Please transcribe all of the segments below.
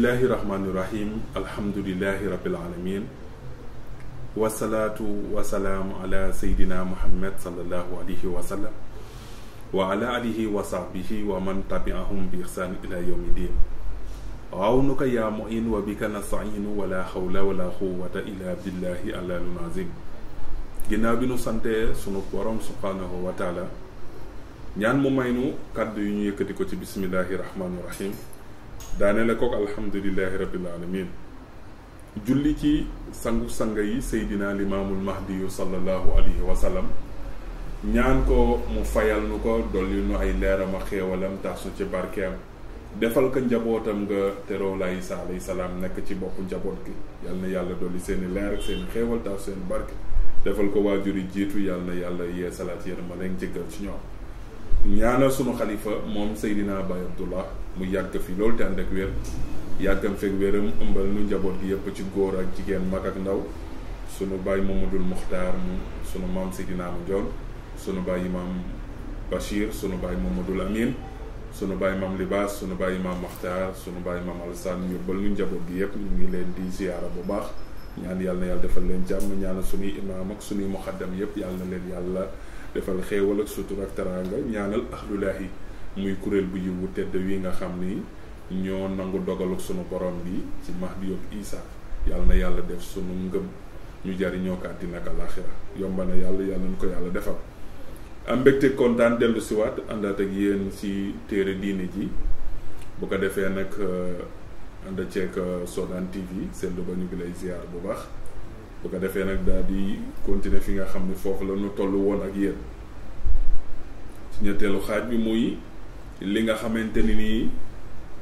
الله الرحمن الرحيم الحمد لله رب العالمين والصلاة والسلام على سيدنا محمد صلى الله عليه وسلم وعلى آله وصحبه ومن تبعهم بإحسان إلى يوم الدين عونك يا معين وبك نستعين ولا حول ولا قوة إلا بالله العلي العظيم جناب bi nu sante sunu borom subhanahu wa taala ñaan mu may nu kàddu yu ñu yëkkati ko ci bismillahi rahmani rahim daane la kook alhamdulillahi rabbil alamin julli ci sangu sang yi seydina limaamul mahdi yu sallallahu alayhi wa ñaan ko mu fayal nu ko dolli nu ay leeram a xéewalam tax su ci barkeem defal ko njabootam nga teroo la Isa alayhi salaam nekk ci boppu njaboot gi yal na yàlla dolli seen i leer ak seen xéewal seen barke defal ko waajur yi jiitu yal na yàlla yee salaat yéen ma leen jëggal ci ñoom ñaanal sunu xalifa moom seydina Baye Abdullah mu yàgg fi loolu te ànd ak wér yàggam fekk wéram ëmbal nu njaboot gi yëpp ci góor ak jigéen mag ak ndaw sunu baay Mamadul Muxtaar mu sunu maam si Amu Joon sunu baay imaam Bachir sunu baay Mamadul Amin sunu baay maam Libaas sunu baay imaam Muxtaar sunu baay maam Alsaan yóbbal nu njaboot gi yëpp ñu ngi leen di ziyaara bu baax ñaan yàlla yàlla defal leen jàmm ñaanal sunuy imaam ak sunuy muxaddam yëpp yàlla na leen yàlla defal xéewal ak sutur ak teraanga ñaanal ahlulaahi muy kurel bu yiwu tedd wi nga xam ni ñoo nangu dogaluk sunu borom bi ci Mahdi Isa yalla na yalla def sunu ngëm ñu jariñoo ka dina ka alaxira yomba na yalla yalla nañ ko yalla defal am mbégte kontaan delu si wat andat ak yeen ci téré diiné ji bu ko nak anda euh, ci ak euh, sodan TV seetlu ba ñu ngi ziar bu baax bu ko defee nak daal di continuer fi nga xamni fofu la ñu tollu won ak yeen si ñetteelu bi muy li nga xamante ni nii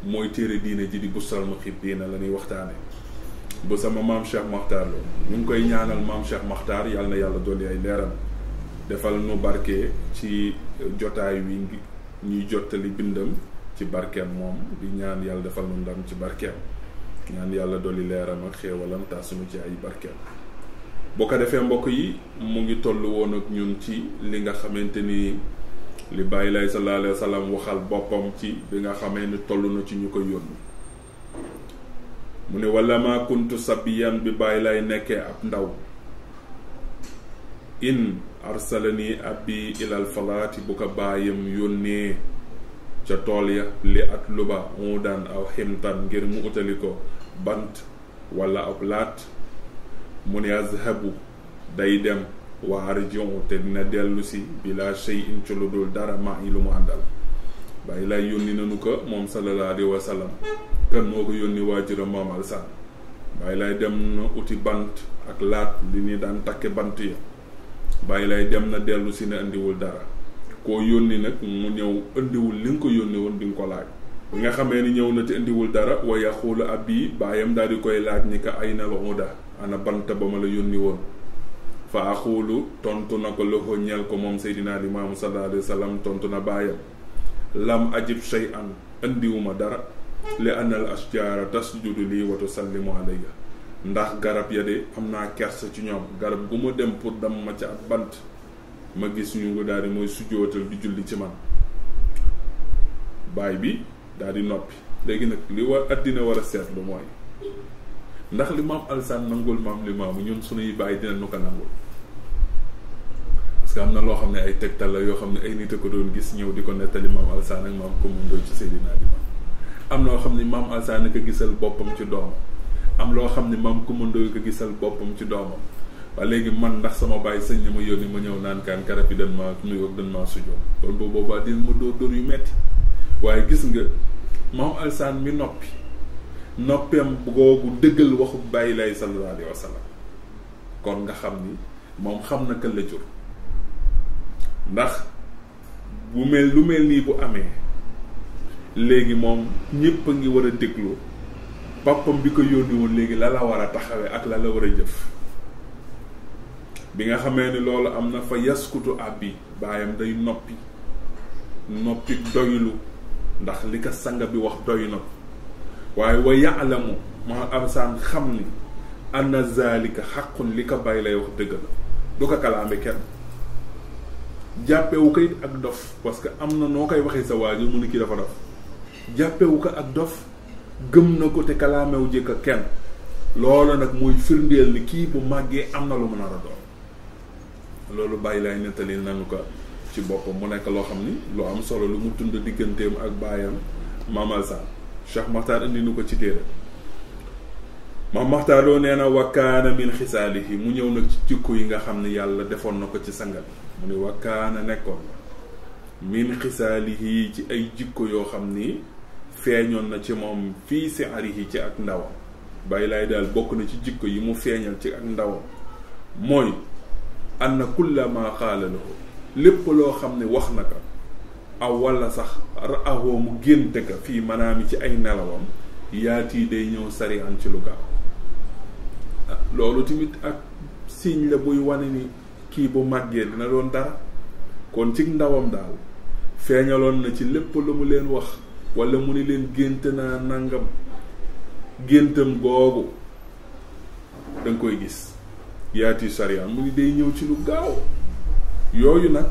mooy téere diine ji di bustal mu xib diina la ñuy waxtaane ba sama maam Cheikh Makhtar la ñu ngi koy ñaanal maam Cheikh Makhtar yàlla na yàlla dolli ay leeram defal nu barke ci jotaay wi ñuy jottali bindam ci barkeem moom di ñaan yàlla defal nu ndam ci barkeem ñaan yàlla dolli leeram ak xéewalam tasuma ci ay barkeem boo ko defee mbokk yi mu ngi toll woon ak ñun ci li nga xamante ni li bàyyi lay salaa alei wa sallam waxal boppam ci bi nga xamee ni toll na ci ñu ko yónnu mu ne wala ma kuntu sabiyan bi bàyyi lay nekkee ab ndaw in arsalani abbi ilal falaati bu ko bàyyam yónnee ca tool ya li at luba undan aw ximtan ngir mu utali ko bant wala ab laat mu ne azhabu day dem waa région te dina dellusi bilaa bi in ci lu dul dara ma yi lu mu àndal bàyyi lay yónni nanu ko moom sallallahu alayhi wa sallam moo ko yónni waajuram maam Alsaan bàyyi lay dem na uti bant ak laat li ni daan takke bant ya bàyyi lay dem na dellu si ne indiwul dara koo yónni nag mu ñëw indiwul li nga ko yónni woon di nga ko laaj bi nga xamee ni ñëw na te indiwul dara wa yaxuulu ab yi baayam daal di koy laaj ni ko ay na la ana bant ba ma la yónni woon faaxulu aqulu tontu na ko loxo ñeel ko moom seydinaa limaamu sallallahu alayhi wa sallam tontu na baayam lam ajib shay an indiwuma dara li anal ashjaara tasjudu lii wa tusallimu alayya ndax garab ya de am naa kersa ci ñoom garab gu ma dem pour dam ma ca ab bant ma gis ñu ko daal mooy sujootal di julli ci man baay bi daal di noppi léegi nag li war àddina war a seetlu mooy ndax li maam Alsaan nangul maam li maamu ñun suñuy bàyyi dina nu nangul parce am na loo xam ne ay tegtal la yoo xam ne ay nit a ko doon gis ñëw di ko nettali maam Alsaan ak maam ko mundoo ci Seydina Limaamu am loo xam ne maam Alsaan a ko gisal boppam ci doomam am loo xam ne maam ko mundoo ko gisal ci doomam waaye léegi man ndax sama bàyyi sëñ na ma yónni ma ñëw naankaan kaan karab yi dañ maa nuyoog dañ maa sujjoon kon boobu boobaa din ma doo dóor yu metti waaye gis nga maam Alsaan mi noppi noppeem googu dëggal waxu bàyyi lay sallallahu alayhi wa kon nga xam ni moom xam na kan la jur ndax bu mel lu mel nii bu amee léegi moom ñépp a ngi war a déglu pàppam bi ko yónni woon léegi la la war a taxawee ak la la war a jëf bi nga xamee ni loolu am na fa yaskutu àbbi baayam day noppi noppi doylu ndax li ko sanga bi wax doy na waaye wa yaalamu ma absaan xam ni na anna zalika xaqun li ko bàyyi lay wax dëgg la du ko kalaame kenn jàppewu ko it ak dof parce que am na noo koy waxee sa waa ji mu ni kii dafa dof jàppewu ko ak dof gëm na ko te kalaamewu jëkk ak kenn loolu nag muy firndeel ni kii bu màggee am na lu mën a doon loolu bàyyi lay nettali nañu ko ci boppam mu nekk loo xam ni lu am solo lu mu tund digganteem ak baayam Maam Alsaan Cheikh Maxtaar indi nu ko ci téere Maam loo nee na wakkaana xisaali xisaalihi mu ñëw nag ci jikko yi nga xam ne yàlla defoon na ko ci sangal mu ne wakkaana nekkoon na min xisaalihi ci ay jikko yoo xam ni feeñoon na ci moom fii siarihi ci ak ndawam bàyyi laay daal bokk na ci jikko yi mu feeñal ci ak ndawam mooy anna kulla ma qaala lépp loo xam ne wax na ko aw wala sax ra'ahoo mu gént ka fii manaami ci ay nelawam yaatii day ñëw sarian ci lu gaaw ah, loolu tamit ak signe la buy wane ni kii bu màggee dina doon dara kon ci ndawam daal feeñaloon na ci lépp lu mu leen wax wala mu ni leen gént naa nangam géntam googu da koy gis yaati sariyaan mu ni day ñëw ci lu gaaw yooyu na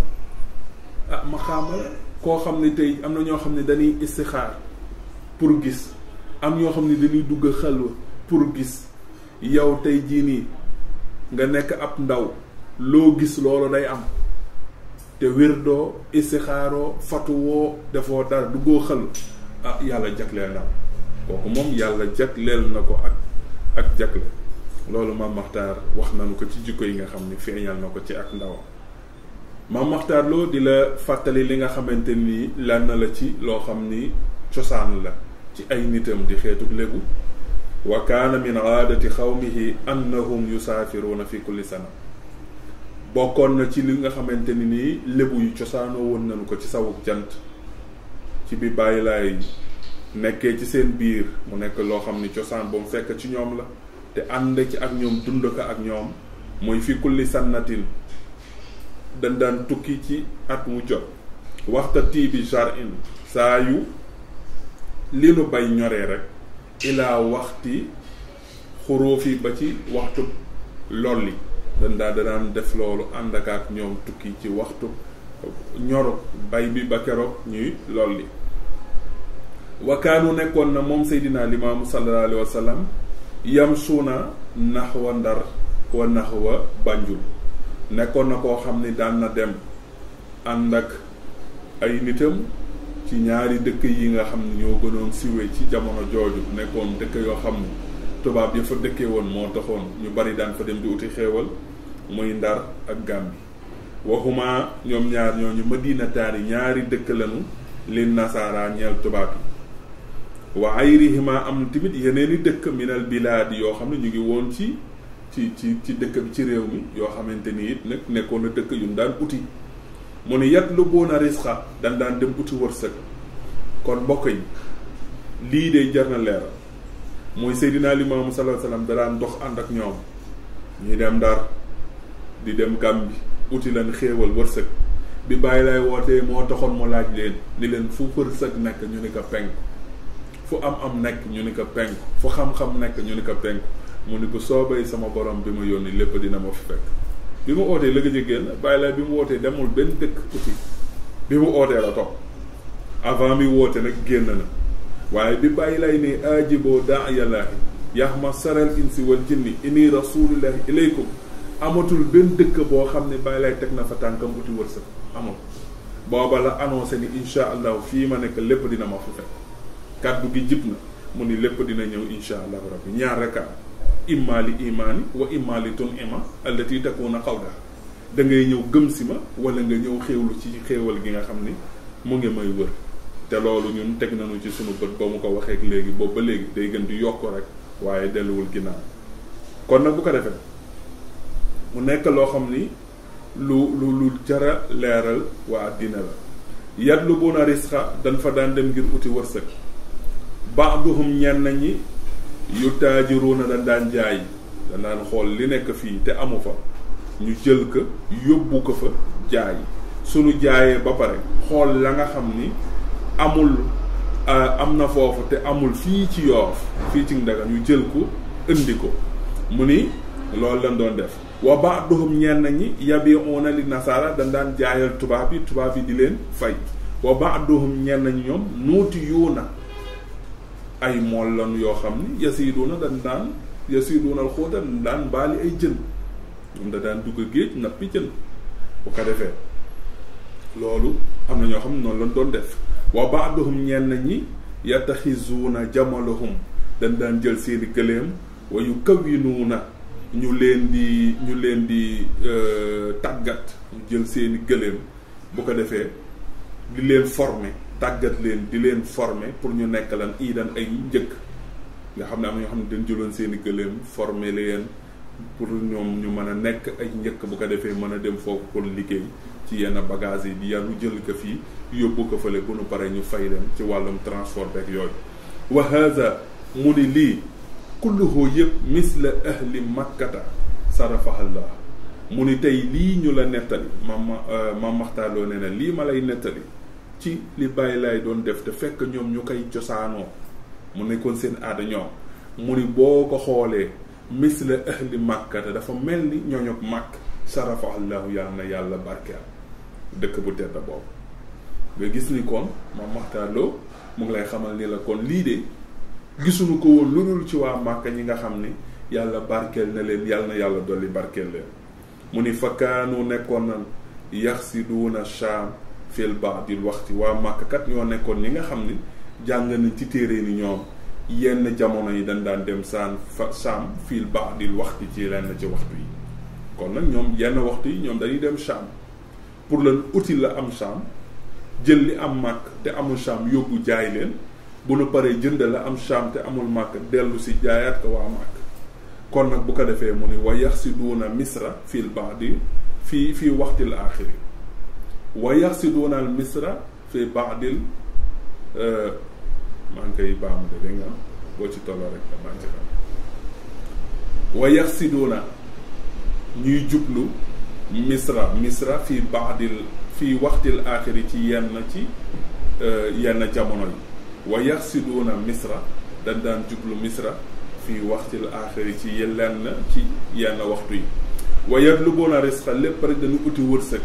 ah ma xaamala koo xam ne tey am na ñoo xam ne dañuy istixaar pour gis am ñoo xam ne dañuy dugg xalwa pour gis yow tey jii nii nga nekk ab ndaw loo gis loolu day am te wirdoo istixaaroo fatuwoo defoo dara duggoo xalwa ah yàlla jagleel na kooku moom yàlla jagleel na ko ak ak jagle loolu maam Maxtaar wax nanu ko ci jikko yi nga xam ne feeñal na ko ci ak ndaw Mame Makhtar di la fàttali li nga xamante ni lan na la ci loo xam ni cosaan la ci ay nitam di xeetug léegu wa kaana min aadati xawmihi annahum yusaafiruuna fi kulli sana bokkoon na ci li nga xamante ni nii lébu yu cosaanoo woon nañu ko ci sawuk jant ci bi bàyyi laay nekkee ci seen biir mu nekk loo xam ni cosaan ba mu fekk ci ñoom la te ànd ci ak ñoom dund ko ak ñoom mooy fi kulli sannatin dañ daan tukki ci at mu jot waxta tii bi jar in saa yu li nu bay ñoree rek ilaa waxti xuróof yi ba ci waxtu lolli dañ daa daan def loolu ànd ak ñoom tukki ci waxtu ñoro bay bi ba keroog ñuy lolli wakaanu nekkoon na moom seydinaa limaamu sallallahu alayhi wa yam suuna naxwa ndar wa naxwa banjul nekkoon na koo xam ni daan na dem ànd ak ay nitam ci ñaari dëkk yi nga xam ne ñoo gënoon siwe ci jamono jooju nekkoon dëkk yoo xam ne tubaab ya fa dëkkee woon moo taxoon ñu bari daan fa dem di uti xéewal muy Ndar ak Gàmbi waxuma ñoom ñaar ñooñu Madina taari ñaari dëkk lañu leen nasaara ñeel tubaab yi wa ayrihima am tamit yeneen i dëkk minal bilaadi yoo xam ne ñu ngi woon ci ci ci ci dëkk bi ci réew mi yoo xamante ni it nag nekkoon a dëkk yu daan uti mu ne yat lu boona risqa dan daan dem uti wërsëg kon mbokk yi lii de jar na leeral mooy Seydina Limaamu sallallahu alayhi wasallam da daan dox ànd ak ñoom ñuy dem Ndar di dem Gàmbi uti lan xéewal wërsëg bi bàyyi lay wootee moo toxoon mu laaj leen ni leen fu wërsëg nekk ñu ni ko penk fu am am nekk ñu ne ko penk fu xam-xam nekk ñu ne ko penk mu ni bu soobee sama borom bi ma yónni lépp dina ma fi fekk bi mu ootee la gëj a génn bàyyi bi mu wootee demul benn dëkk uti bi mu ootee la topp avant mi woote nag génn na waaye bi bàyyi lay ni ajiboo daa yallaahi yax ma saral insi wal jinni inni rasulillahi ilaykum amatul benn dëkk boo xam ne bàyyi lay teg na fa tànkam uti wërsëg amul booba la annoncé ni incha allahu fii ma nekk lépp dina ma fu fekk kaddu gi jib na mu ni lépp dina ñëw incha allahu rabbi ñaar rek imma li imaani wa imma li tun ima allati xawda da ñëw gëm si ma wala nga ñëw xéewlu ci xéewal gi nga xam ni mu ngi may wër te loolu ñun teg nañu ci sunu bët ba mu ko waxee léegi boobu ba léegi day gën di yokk rek waaye delluwul ginnaaw kon nag bu ko defee mu nekk loo xam ni lu lu lu jara leeral waa addina la yatlubuuna risqa dañ fa daan dem ngir wuti wërsëg baaduhum ñenn yi yu taajiruuna dañ daan jaay danaan xool li nekk fii te amu fa ñu jël ko yóbbu ko fa jaay sunu jaayee ba pare xool la nga xam ni amul euh, am na foofu te amul fii ci yoof fii ci ndaga ñu jël ko indi ko mu ni loolu lañ doon def wa baaduhum ñenn ñi yabiuuna li nasaara dañ daan jaayal tubaab yi tubaab yi di leen fay wa baaduhum ñenn ñi ñoom nuuti yuuna ay mool lan yoo xam ni yasiiduuna dañ daan yasiiduunal xóota dañ daan baali ay jën ñoom da daan dugg géej nappi jën bu ko defee loolu am na ñoo xam noon noonu lañ doon def wa nañi ñenn ñi yattaxizuuna jamalahum dañ daan jël seeni gëléem wa yu na ñu leen di ñu leen di euh, tàggat ñu jël seeni gëléem bu ko defee di leen former tàggat leen di leen former pour ñu nekk lan iidan ay njëkk nga xam ne am ñoo xam ne dañ jëloon seeni i gëléem former leen pour ñoom ñu mën a nekk ay njëkk bu ko defee mën a dem foofu pour liggéey ci yenn bagages yi di yàllu jël ko fii yóbbu ko fële bu nu paree ñu fay leen ci wàllum transport beeg yooyu wa haza mu ni lii kulluhu yëpp misla ahli makkata sarafahallah mu ni tey lii ñu la nettali mam ma euh, mam maxtaaloo nee lii ma lay nettali ci li bàyyi lay doon def te fekk ñoom ñu koy cosaanoo mu nekkoon seen aada ñoom mu ni boo ko xoolee misla ahli màkka te dafa mel ni ñooñog màkk sarafahallaahu yàlla na yàlla barkeel dëkk bu tedd boobu nga gis ni kon Mame Makhtar Lo mu ngi lay xamal ni la kon lii de gisuñu ko woon lu dul ci waa màkka ñi nga xam ni yàlla barkeel na leen yàlla na yàlla dolli barkeel leen mu ni fakkaanu nekkoon nan yaxsiduuna shaam fil ba'dil waxti waa Màkk kat ñoo nekkoon ñi nga xam ni jàng nañ ci téere ni ñoom yenn jamono yi dañ daan dem saan fa saam fil ba'dil waxti ci lenn ci waxtu yi kon nag ñoom yenn waxtu yi ñoom dañuy dem saam pour la uti la am saam jël li am màkk te amul saam yóbbu jaay leen bu nu paree jënd la am saam te amul màkk dellu si jaayaat ko waa màkk kon nag bu ko defee mu ni wa yaxsiduuna misra fil di fii fii la aaxiri ويقصدون المصر في بعض ال آه، ما نكاي بام دي ديغا بو ما نتي ويقصدون ني مصر مصر في بعض ال في وقت الاخر تي يان آه، تي يان جامونو ويقصدون مصر دان دان جوبلو مصر في وقت الاخر تي يلان يانا يان وقتي ويطلبون رزق لبر دنو اوتي ورسك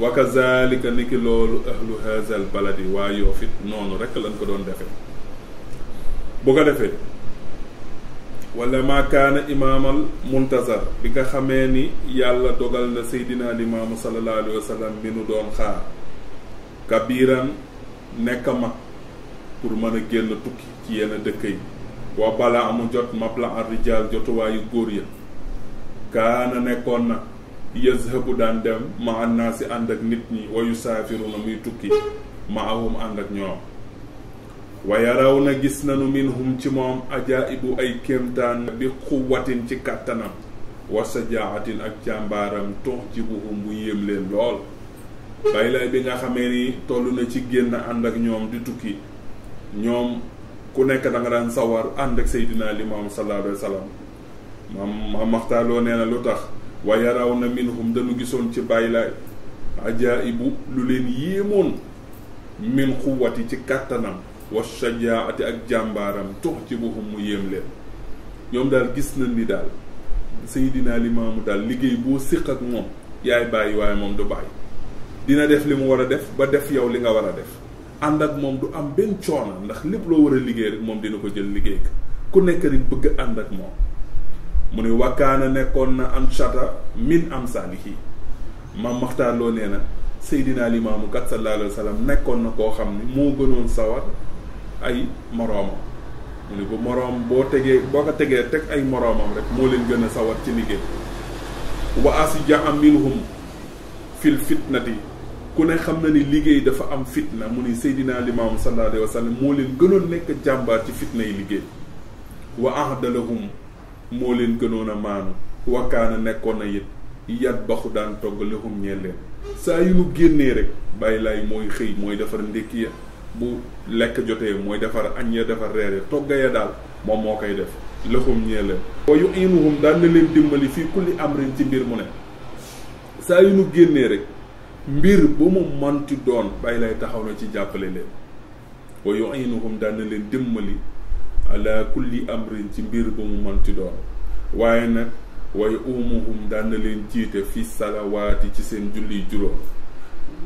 وكذلك نيكي لول اهل هذا البلد وايو فيت نون رك لا نكو دون ديفه بوكا ديفه ولا ما كان امام المنتظر بيغا خامي يالا دوغال نا سيدنا الامام صلى الله عليه وسلم مينو دون خار كبيرا نكما pour mëna génn tukki ci yenn dëkk yi wa bala amu jot mabla ar rijal jotu wayu goor ya kana nekkon yazhabu daan dem ma annaa si ànd ak nit ñi wayu saafiruna muy tukki ma ahum ànd ak ñoom wa yaraw na gis nanu minhum ci moom ajaibu ay kéemtaan bi xuwatin ci kàttanam wa ak ci buhum bu yéem leen lool baylay bi nga xamee ni toll na ci génn ànd ak ñoom di tukki ñoom ku nekk da daan sawar ànd ak Seydina Limaam sallallahu alayhi wa sallam maam nee na lu tax wa yaraw na minhum dañu gisoon ci bàyyi laay ajaibu lu leen yéemoon min yi ci kàttanam wa shajaati ak jàmbaaram tux ci buhum mu yéem leen ñoom daal gis na ni daal dinaa Seydina mu daal liggéey boo siq ak moom yaay bàyyi waaye moom du bàyyi dina def li mu war a def ba def yow li nga war a def ànd ak moom du am benn coono ndax lépp loo war a liggéey rek moom dina ko jël liggéey ku nekk rek bëgg ànd ak moom mu ne wakkaana nekkoon na anshata min amsaalihi maam Maxtaar Lo nee na Seydina Limaamu kat sallallahu alayhi wa nekkoon na koo xam ne moo gënoon sawar ay moroomam mu ne bu moroom boo tegee boo ko tegee teg ay moroomam rek moo leen gën a sawar ci liggéey wa asja'a minhum fil fitnati ku ne xam na ni liggéey dafa am fitna mu ni Seydina Limaamu sallallahu alayhi wa sallam moo leen gënoon nekk jàmbaar ci fitna yi liggéey wa ahdalahum moo leen gënoon a maanu wakkaana nekkoon na it yat daan togg lexum ñeel leen saa yu nu génnee rek bàyyi laay mooy xëy mooy defar ndékki ya bu lekk jotee mooy defar añ ya defar reer ya togga ya daal moom moo koy def lexum ñeel leen wa yu inuhum daan na leen dimbali fii kulli amrin ci mbir mu ne saa yu nu génnee rek mbir ba mu manti doon bàyyi lay taxaw na ci jàppale leen wa yu inuhum daan na leen dimbali ala kulli amrin ci mbir bu mu mënti doon waaye nag waaye umuhum daan na leen jiite fi salawaati ci seen julli juróom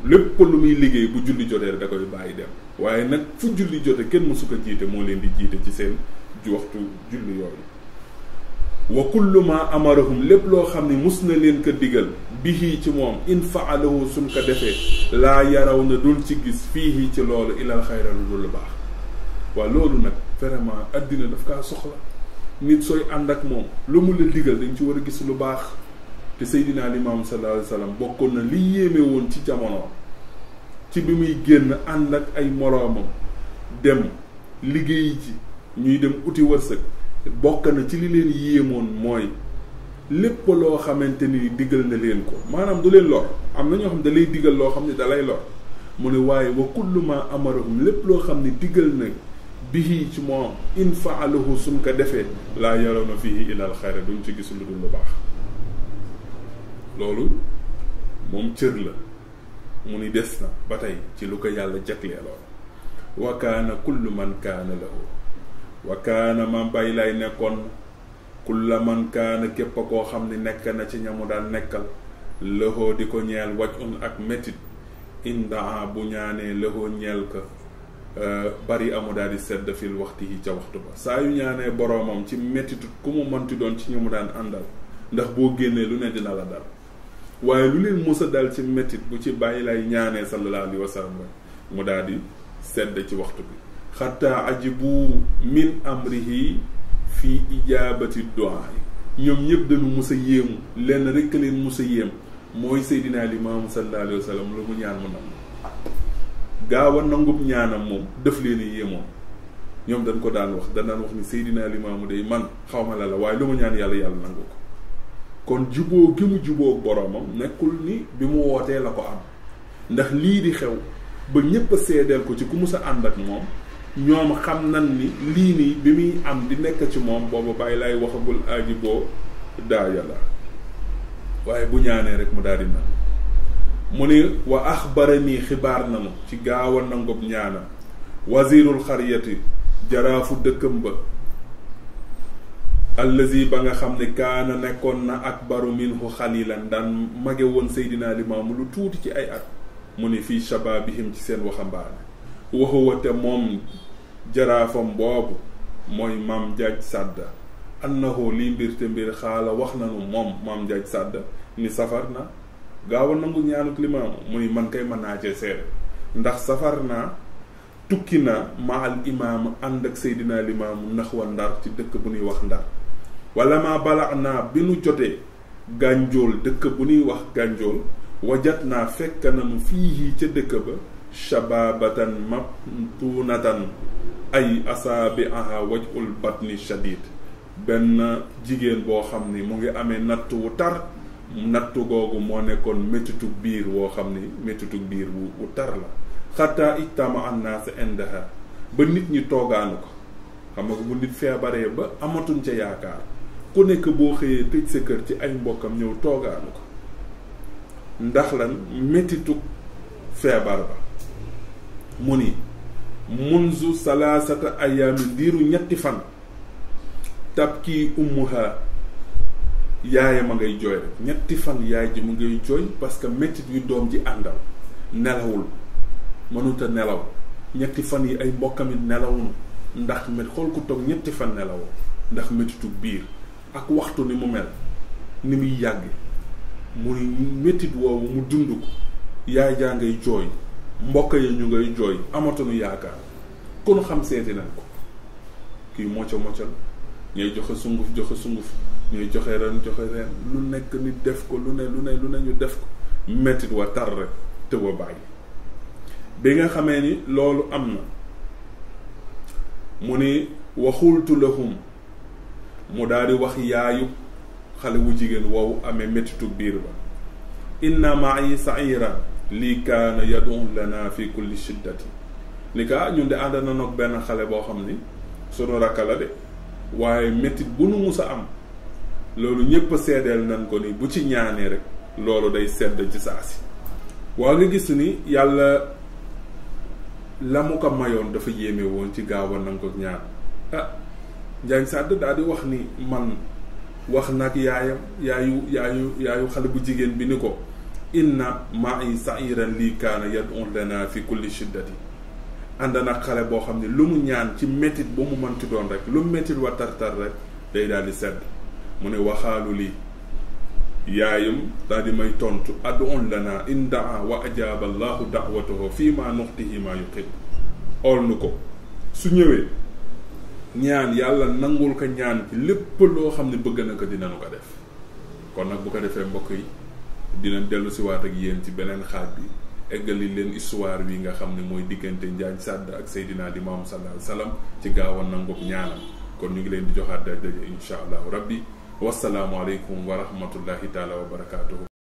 lépp lu muy liggéey bu julli jotee da koy bàyyi dem waaye nag fu julli jote kenn mësu ko jiite moo leen di jiite ci seen waxtu julli yooyu wa kullu ma amarahum lépp loo xam ne mus na leen ko digal bihi ci moom in faalahu suñ ko defee laa yaraw na dul ci gis fiihi ci loolu ilal xayra lu dul baax waa loolu nag vraiment àddina daf ka soxla nit sooy ànd ak moom lu mu la digal dañ ci war a gis lu baax te Seydina Limaam sallallahu alayhi wa sallam bokkoon na li yéeme woon ci jamono ci bi muy génn ànd ak ay moroomam dem liggéey ji ñuy dem uti wërsëg bokk na ci li leen yéemoon mooy lépp loo xamante ni digal na leen ko maanaam du leen lor am na ñoo xam ne da lay digal loo xam ne da lay lor mu ne waaye wa kullu ma amarahum lépp loo xam ne digal na bihi ci moom in faalahu ko defee laa yaroona fii ilal xayra duñ ci gis lu dul lu baax loolu moom cër la mu ni des na ba tey ci lu ko yàlla jagleeloon wa kaana kullu man kaana lahu wa kaana bàyyi lay nekkoon kulla man kaana képp koo xam ni nekk na ci ñamu daan nekkal lëxoo di ko ñeel waj un ak métit indaa bu ñaanee lëxoo ñeel ka Euh, bari amu daal di sedd fil waxtu yi ca waxtu ba saa yu ñaanee boroomam ci mettitut ku mu mënti doon ci ñu mu daan àndal ndax boo génnee lu ne dina la dal waaye lu leen mës a dal ci mettit bu ci bàyyi lay ñaanee sallallahu alayhi wa mu daal di sedd ci waxtu bi xataa ajibu min amrihi fii ijaabati du'a ñoom ñëpp dañu mës yéemu lenn rekk leen mës a yéem mooy Seydina Limaamu sallallahu alayhi lu mu ñaan mu nam gaaw a ñaanam moom def leen i yéemoon ñoom dañ ko daan wax dañ daan wax ni Seydina Limaamu day man xaw ma la la waaye lu ma ñaan yàlla yàlla nangu ko kon juboo gi mu juboo boroomam nekkul ni bi mu wootee la ko am ndax lii di xew ba ñépp a seedeel ko ci ku mus a ànd ak moom ñoom xam nan ni lii nii bi muy am di nekk ci moom boobu bàyyi laay waxagul aaji boo daaya la waaye bu ñaanee rek mu daal di nan mu ni wa axbarani xibaar nanu ci gaaw a nangob ñaana wasiirul xariyati jaraafu dëkkam ba allazi ba nga xam ne kaana nekkoon na ak akbaru minhu xalilan daan mage woon seydinaa limaamu lu tuuti ci ay at mu ni fii shabaabihim ci seen waxambaane waxuwa te moom jaraafam boobu mooy maam jaaj sàdda annahu li mbir te mbir xaala wax nanu moom maam jaaj sàdda ni safar na gaaw a nangu ñaanu climat muy man kay mën naa cee ndax safar naa tukki na maal imaam ànd ak seydinaa limaamu nax wa ndar ci dëkk bu ñuy wax ndar wala ma balax naa bi nu jotee gànjool dëkk bu ñuy wax gànjool wajat naa fekk na mu fii ca dëkk ba shababatan mabtunatan ay asaabi aha wajul batni shadid benn jigéen boo xam ni mu ngi amee natt wu tar nattu googu moo nekkoon méttitu biir woo xam ni méttitu biir wu wu tar la xataa ijtama annaas indaha ba nit ñi toogaanu ko xam nga bu nit feebaree ba amatuñ ca yaakaar ku nekk boo xëyee tëj sa kër ci ay mbokkam ñëw toogaanu ko ndax lan méttitu feebar ba mu ni munzu salaasata ayaami diiru ñetti fan tabkii ummuha yaayam a ngay jooy rek ñetti fan yaay ji mu ngay jooy parce que méttit yu doom ji àndal nelawul mënuta nelaw ñetti fan yi ay mbokkamit nelawuñu ndax mét xool ku toog ñetti fan nelaw ndax méttitu biir ak waxtu ni mu mel ni muy yàgg muy méttit woowu mu dund ko yaay jaa ngay jooy mbokk yi ñu ngay jooy amatunu yaakaar kon xam seeti nañ ko kii mocca moccal jox joxe sunguf joxe sunguf ñuy joxe ren joxe ren lu nekk nit def ko lu ne lu ne lu ne ñu def ko mettit wa tar rek te wa bàyyi bi nga xamee ni loolu am na mu ni waxultu lahum mu daal di wax yaayu xale bu jigéen woowu amee méttitu biir ba inna ma'i sa'iran lii kaana yad'u lana fi kulli shiddati ni ka ñun de ànd na nag benn xale boo xam ni sunu rakka la de waaye méttit bu nu musa am loolu ñëpp seedeel nañ ko ni bu ci ñaanee rek loolu day sedd ci saa si waa nga gis ni yàlla la mu ko mayoon dafa yéeme woon ci gaawa nañ ko ñaan ah Njaañ Sàdd daal di wax ni man wax nag yaayam yaayu yaayu yaayu xale bu jigéen bi ni ko na ma inna ma'i sa'iran lii kaana yad'u lana fi kulli shiddati ànd nag xale boo xam ne lu mu ñaan ci métit ba mu mënti doon rek lu mu métit wa tartar rek day daal di sedd mu ne waxaalu li yaayam daal di may tontu ad'un lana in daa wa ajaaba allahu da'watahu fii ma nuxtihi ma yuqib ool nu ko su ñëwee ñaan yàlla nangul ko ñaan bi lépp loo xam ne bëgg na ko dina nu ko def kon nag bu ko defee mbokk yi dina dellu si waat ak yéen ci beneen xaaj bi eggali leen histoire bi nga xam ne mooy diggante Njaañ Sàdd ak Seydina di moom alayhi wasallam ci gaaw a nangu ñaanam kon ñu ngi leen di joxaat daje insha allahu rabbi wasalaamualeykum wa rahmatullahi taala wa barakaatuhu